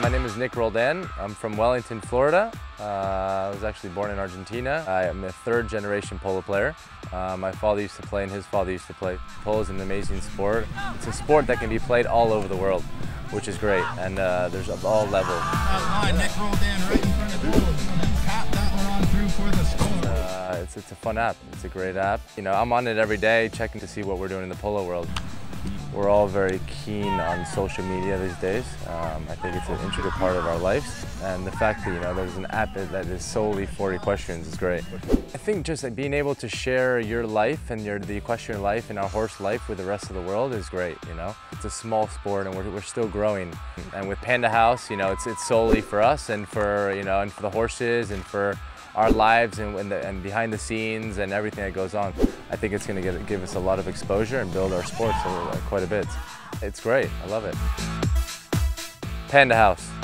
My name is Nick Roldan. I'm from Wellington, Florida. Uh, I was actually born in Argentina. I am a third generation polo player. Uh, my father used to play and his father used to play. Polo is an amazing sport. It's a sport that can be played all over the world, which is great, and uh, there's of all levels. it's, it's a fun app. It's a great app. You know, I'm on it every day, checking to see what we're doing in the polo world. We're all very keen on social media these days. Um, I think it's an integral part of our lives. And the fact that, you know, there's an app that is solely 40 questions is great. I think just being able to share your life and your, the equestrian life and our horse life with the rest of the world is great, you know. It's a small sport and we're, we're still growing. And with Panda House, you know, it's, it's solely for us and for, you know, and for the horses and for our lives and, and, the, and behind the scenes and everything that goes on. I think it's going to give us a lot of exposure and build our sports quite a bit. It's great. I love it. Panda House.